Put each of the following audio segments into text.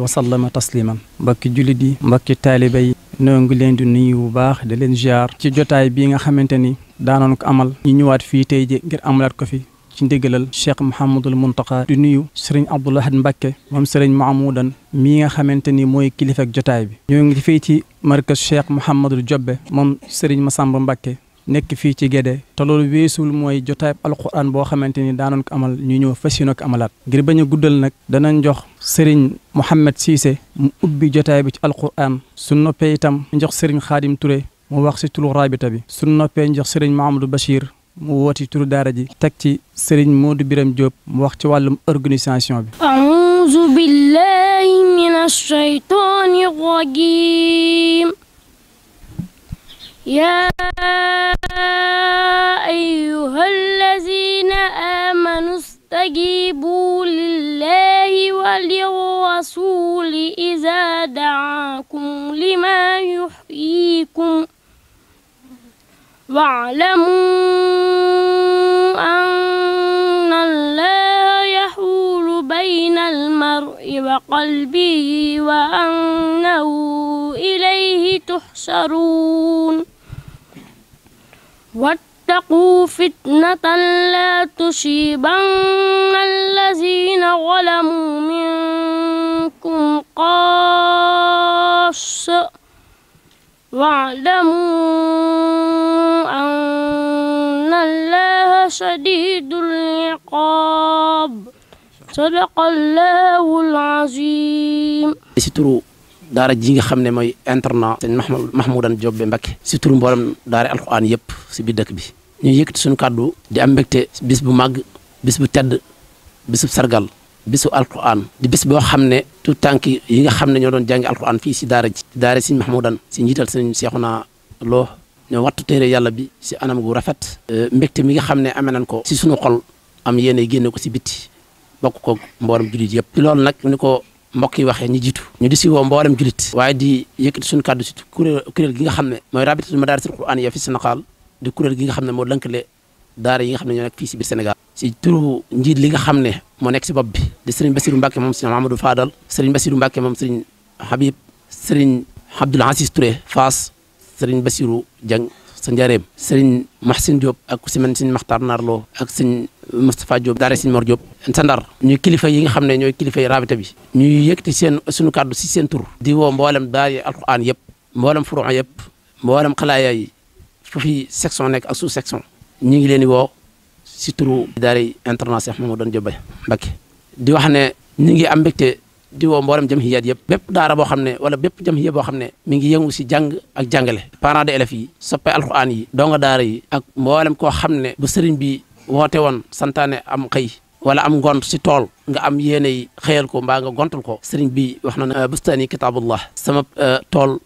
وسلم تسليما مبك جلدي مبك طالبي نوغ لين دي نيو باخ دي لين جار تي جوتاي بيغا خامتاني دانون كو عمل نيوات في تي جي غير عملات كو في شيخ محمد المنتقى دي نيو سيرن عبد الله مبك مام سيرن محمودا ميغا خامتاني موي كليفك جوتاي بي نيوغ في تي مركز شيخ محمد الجوبه مم سرين مسام مبك nekk fii ci Guédé te loolu weesul mooy jotaayub alquran boo xamante ni daanoon ko amal ñu ñëw fas yéene ko amalaat ngir bañ a guddal nag danañ jox Serigne Mouhamed Cissé mu ubbi jotaay ci alquran su noppee itam jox Serigne Khadim Touré mu wax si turu rabita bi su noppee jox Serigne Mahamadou Bachir mu wooti turu daara ji teg ci Serigne Modou Biram Diop mu wax ci wàllum organisation bi. A'uuzu billaahi mina يا أيها الذين آمنوا استجيبوا لله وللرسول إذا دعاكم لما يحييكم واعلموا أن الله يحول بين المرء وقلبه وأنه إليه تحشرون واتقوا فتنة لا تصيبن الذين ظلموا منكم قاص واعلموا أن الله شديد العقاب صدق الله العظيم daara ji nga xam ne mooy internat sëñ Mahmoudan Diop be Mbacké si turu mboolem daara alxuraan yëpp si biir dëkk bi ñu yëkkati suñu kàddu di am mbégte bis bu màgg bis bu tedd bisu sargal bisu alquran di bis boo xam ne tout tànk yi nga xam ne ñoo doon jàngi alquran fii si daara ji daara sëñ Mahmoudan si njiital sëñ Seexuna Lo ñoo wattu téere yàlla bi si anam gu rafet euh, mbégte mi nga xam ne amee nañ ko si suñu xol am yéene génne ko si biti bokk ko mbooram mbokk yi waxee ñu jiitu ñu di si woo mboolem julit waaye di yëkkati suñu kàddu si kuréel kuréel gi nga xam ne mooy rabitatul madarisil quraaniyya fi Sénégal di kuréel gi nga xam ne moo lënkale daara yi nga xam ne ñoo nekk fii si biir Sénégal si turu njiit li nga xam ne moo nekk si bopp bi di sëriñ Basiru Mbàkke moom sëriñ Mamadou Fadal sëriñ Basiru Mbàkke moom sëriñ Habib sëriñ Abdoul Aziz Touré Faas sëriñ Basiru Dieng سنجارب سرين محسن جوب اك سيمن سن مختار نار لو اك سن مصطفى جوب دار سن مور جوب سندار ني كليفا ييغا خامن ني كليفاي رابطه بي ني ييكتي سن سونو كارد سي سن تور دي و مبولم داي القران ييب مبولم فروع ييب مبولم خلايا يي فوفي سيكسيون نيك اك سو سيكسيون ني غي لني و سي تورو داري انترناسيون محمود دون جوباي مباكي دي واخني ني غي امبكتي di woo mboolem jamhiyaat yëpp bépp daara boo xam ne wala bépp jamhiya boo xam ne mi ngi yëngu si jàng ak jàngale parents d'élèves yi soppe alxuraan yi donga daara yi ak mboolem koo xam ne bu sëriñ bi woote woon santaane am xëy wala am ngont si tool nga am yéene yi xëyal ko mbaa nga gontul ko sëriñ bi wax na ne bustaani kitaabullah sama euh, tool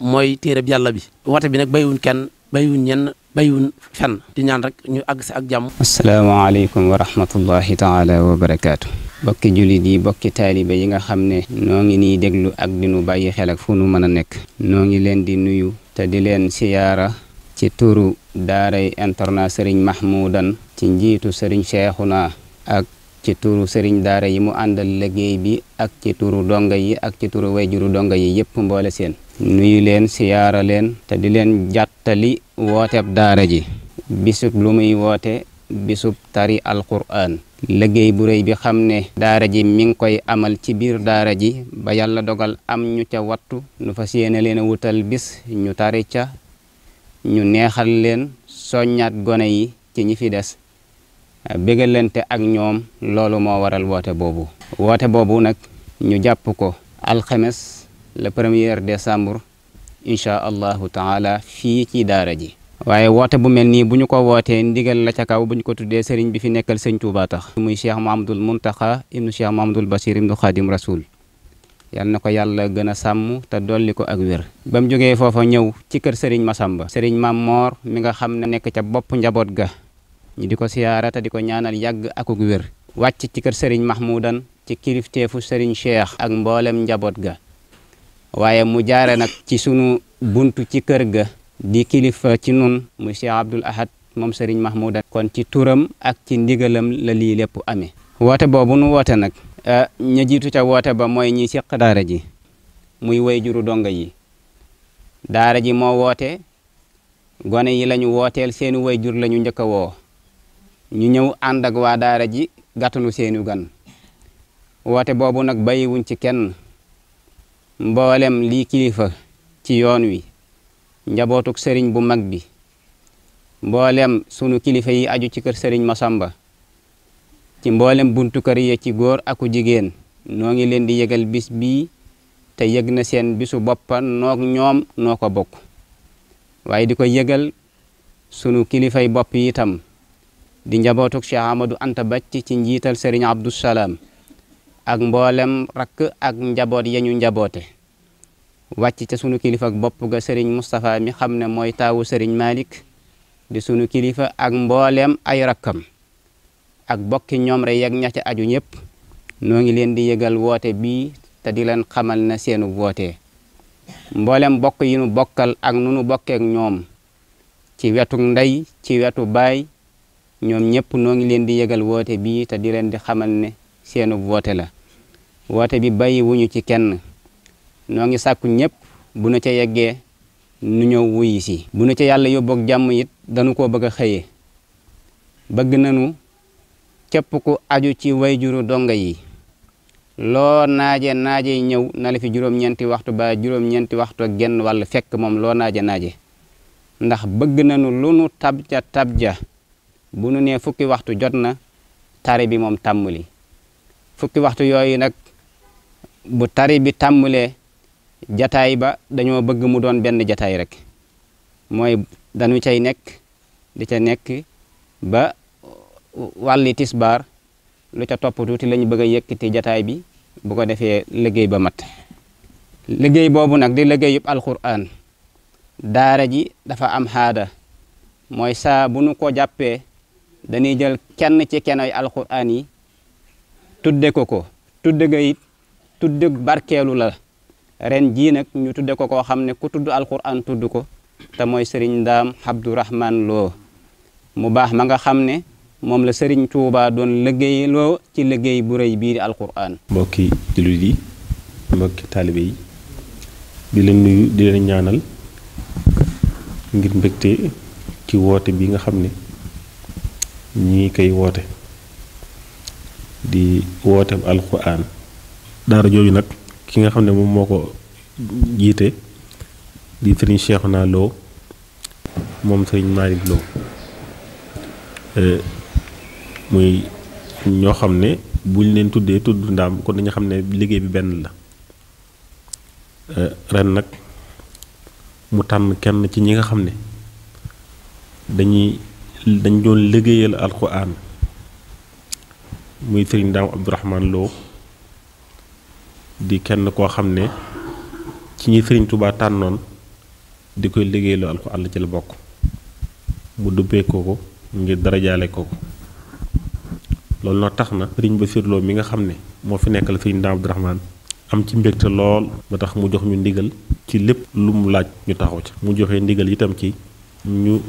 mooy bi yàlla bi woote bi nag béywuñ kenn béywuñ ñenn bay béywuñ fenn di ñaan rek ñu àgg si ak jàmm asalaamaaleykum wa rahmatullahi taala wa bokki jullit yi bokki taalibe yi nga xam ne noo ngi niy déglu ak di nu bàyyi xel ak fu nu mën a nekk noo ngi leen di nuyu te di leen siyaara ci turu daaray internat sëriñ mahmudan ci njiitu sëriñ na ak ci turu sëriñ daara yi mu àndal légéey bi ak ci turu donga yi ak ci turu wayjuru donga yi yëpp mboole seen nuyu leen siyaara leen te di leen jàttali wooteb daara ji bisub lu muy woote bisub tari alquran liggéey bu rëy bi xam ne daara ji mi ngi koy amal ci biir daara ji ba yàlla dogal am ñu ca wattu nu fa yéene leen a wutal bis ñu tari ca ñu neexal leen ñaat gone yi ci ñi fi des bégalante ak ñoom loolu moo waral woote boobu woote boobu nag ñu jàpp ko alxames le premier décembre incha allahu taala fii ci daara ji waye wote bu melni buñu ko wote ndigal la ca kaw buñ ko tuddé sëriñ bi fi nekkal sëñ Touba tax muy Cheikh mamadou muntaha ibn Cheikh mamadou Basir ibn khadim rasoul yal nako yalla gëna sammu ta ko ak wër bam joggé fofu ñew ci kër sëriñ Masamba sëriñ Mam mor mi nga xamné nekk ca bop njabot ga ñi diko siyara ta diko ñaanal ko ak ak wër wacc ci kër sëriñ Mahmoudan ci kilifteefu sëriñ Cheikh ak mbolam njabot ga waye mu jaare nak ci sunu buntu ci kër ga di kilifa ci nun muy Cheikh Abdoul Ahad moom Serigne Mahmoudan kon ci turam ak ci ndigalam la lii lépp amee woote boobu nu woote nag ah, ña jiitu ca woote ba mooy ñi seq daara ji muy way juru donga yi daara ji moo woote gone yi lañu wooteel seeni way jur lañu ñu njëkk a woo ñu ñëw ànd ak waa daara ji gàttanu seeni gan woote boobu nag bàyyiwuñ ci kenn mboolem lii kilifa ci yoon wi njabootuk sëriñ bu mag bi mboolem sunu kilifa yi aju ci kër sëriñ ma samba ci mboolem buntu kër yi ci góor aku jigéen noo ngi leen di yëgal bis bi te yëg na seen bisu boppa noog ñoom noo ko bokk waaye di ko yëgal sunu kilifay bopp yi itam di njabootuk Cheikh Amadou Anta Bacc ci njiital sëriñ Abdou Salaam ak mboolem rakk ak njaboot yañu njaboote wàcc ca sunu kilifa ak bopp ga sëriñ Moustapha mi xam ne mooy taawu sëriñ Malick di sunu kilifa ak mbooleem ay rakkam ak bokki ñoom rek yeg ña aju ñëpp noo ngi leen di yëgal woote bii te di leen xamal na seenu woote mboolem bokk yi nu bokkal ñoom ci wetu wetu baay ñoom ñëpp noo ngi leen di yëgal woote bii te di leen di xamal ne seenu woote la woote bi bàyyi wuñu ci kenn noo ngi sàkku ñëpp bu na ca yeggee nu ñëw wuyi si bu na ca yàlla yóbboog jàmm it dañu ko bëgg a xëyee bëgg nañu képp ku aju ci wayjuru dongo yi loo naaje naaje ñëw na la fi waxtu ba juróom-ñeenti waxtu ak genn wàll fekk moom loo naaje naaje ndax bëgg nañu lu nu tabja tabja bu nu nee fukki waxtu jot na tari bi moom tàmmali fukki waxtu yooyu nag bu tari bi jataay ba dañoo bëgg mu doon benn jataay rek mooy dañu cay nekk di ca nekk ba wàlli tisbaar lu ca topp tuuti lañu bëgg a yëkkati jataay bi bu ko defee liggéey ba mat liggéey boobu nag di liggéeyub alquran daara ji dafa am haada mooy saa bu nu ko jàppee dañuy jël kenn ci kenoy alquran yi tudde ko ko tudde ga it tudde barkeelu la ren jii nag ñu tudde ko koo xam ne ku tudd alquran tudd ko te mooy sëriñ ndaam abdourahman loo mu baax ma nga xam ne moom la sëriñ tuubaa doon liggéey loo ci liggéey bu rëy bii di alquran mbokki jullit yi mbokki taalibe yi di nuyu di ñaanal ngir mbégte ci woote bi nga xam ne ñi koy woote di woote alquran daara jooju nag ki nga xam ne moom moo ko jiite di sëriñ Cheikhouna Lo moom sëriñ Malick Lo eh, muy ñoo xam ne buñ leen tuddee tudd ndaam kon dañu xam ne liggéey bi benn la eh, ren nag mu tànn kenn ci ñi nga xam ne dañuy dañ doon liggéeyal alquran muy sëriñ Ndaam Abdourahmane Lo di kenn koo xam ne ci ñi sëriñ Touba tànnoon di koy liggéeyloo alxuraan la ci la bokk mu dubbee ko ko ngir darajaale ko loolu noo tax na sëriñ ba Lo mi nga xam ne moo fi nekkal sëriñ Ndaam Abdourahmane am ci mbégte lool ba tax mu jox ñu ndigal ci lépp lu mu laaj ñu taxaw ca mu joxe ndigal itam ci ñu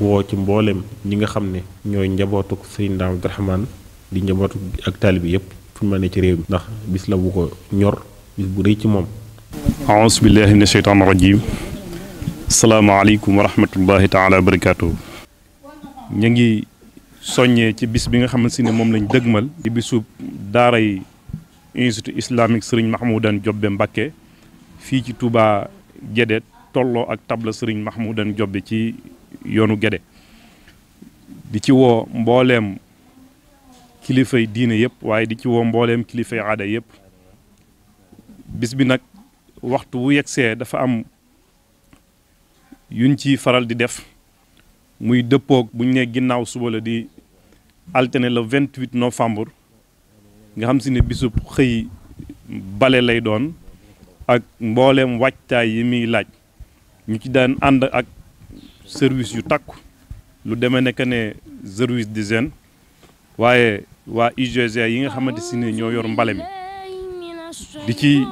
woo ci mbooleem ñi nga xam ne ñooy njabootuk sëriñ Ndaam Abdourahmane di njabootu ak taalibi yépp fu mu ne ci réew mi ndax bis la bu ko ñor bis bu rëy ci moom aousu billahi min asheytaan rajim salaamaaleykum wa rahmatullahi barakaatu ñu ngi soññee ci bis bi nga si ne moom lañ dëgmal di bisu daara yi institut islamique sëriñ mahmoudan jobbe mbàkke fii ci Touba Guédé tolloo ak tabla sëriñ mahmoudan jobbe ci yoonu Guédé di ci woo mbooleem kilifay diine yëpp waaye di ci woo mbooleem kilifay aada yëpp bis bi nag waxtu wu yegsee dafa am yuñ ci faral di def muy dëppoog buñ ne ginnaaw suba la di altine le 28 novembre nga xam si ne bisub xëy bale lay doon ak mbooleem waajtaay yi muy laaj ñu ci daan ànd ak service yu takku lu demee nekk ne service d'hygiène waaye wa UGC yi nga xamante si ne ñoo yor mbale mi di ci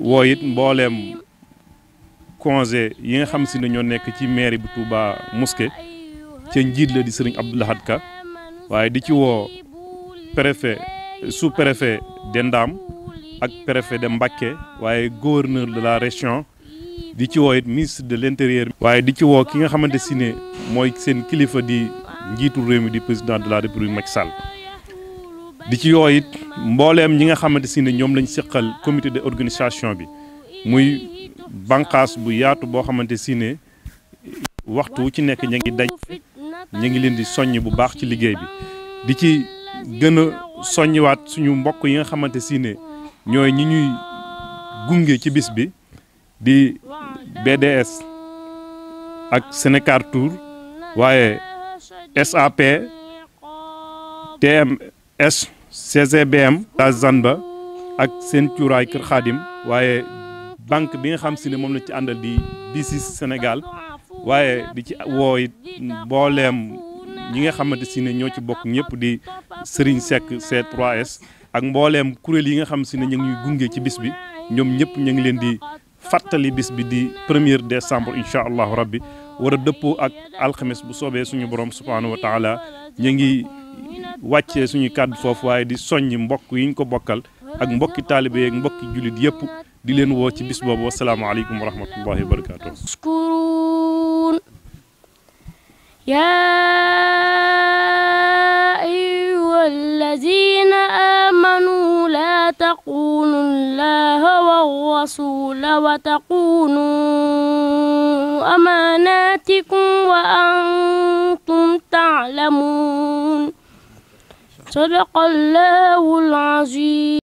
wo it mbooleem conseil yi nga xam si ne ñoo nekk ci maire bu Touba Mosquée ci njit la di Serigne Abdou Lahad Ka waaye di ci wo préfet sous préfet d'Endam ak préfet de Mbacké waye gouverneur de la région di ci wo it ministre de l'intérieur. waye di ci wo ki nga xamante si ne mooy seen kilifa di njitu rew mi di président de la république Macky Sall. di ci yoo it mbooleem ñi nga xamante si ne ñoom lañ seqal comité de organisation bi muy banqaas bu yaatu boo xamante si ne waxtu ci nekk ñu ngi daj ñu ngi leen di soññ bu baax ci liggéey bi di ci gën a soññiwaat suñu mbokk yi nga xamante si ne ñooy ñi ñuy gunge ci bis bi di BDS ak Sénécar Tour waaye SAP TM S CCBM Taj Zanba ak seen cuuraay Kër Xaadim waaye banque bi nga xam si ne moom na ci àndal di BICIS Sénégal waaye di ci woo mbooleem ñi nga xamante si ne ñoo ci bokk ñëpp di Serigne Seck C3S ak mbooleem kuréel yi nga xam si ne ñu ngi gunge ci bis bi ñoom ñëpp ñu ngi leen di fàttali bis bi di premier décembre incha allahu rabbi war a dëppoo ak alxames bu soobee suñu borom subhaanahu wa taala ñu ngi. wàccee suñu kàdd foofu waaye di soññ mbokk yi ñu ko bokkal ak mbokki taalibe yeeg mbokki jullit yëpp di leen woo ci bis boobu wasalaamaaleykum wa rahmatullahi wa barakaatu. يا أيها الذين آمنوا لا تقولوا الله والرسول وتقولوا أماناتكم صدق الله العظيم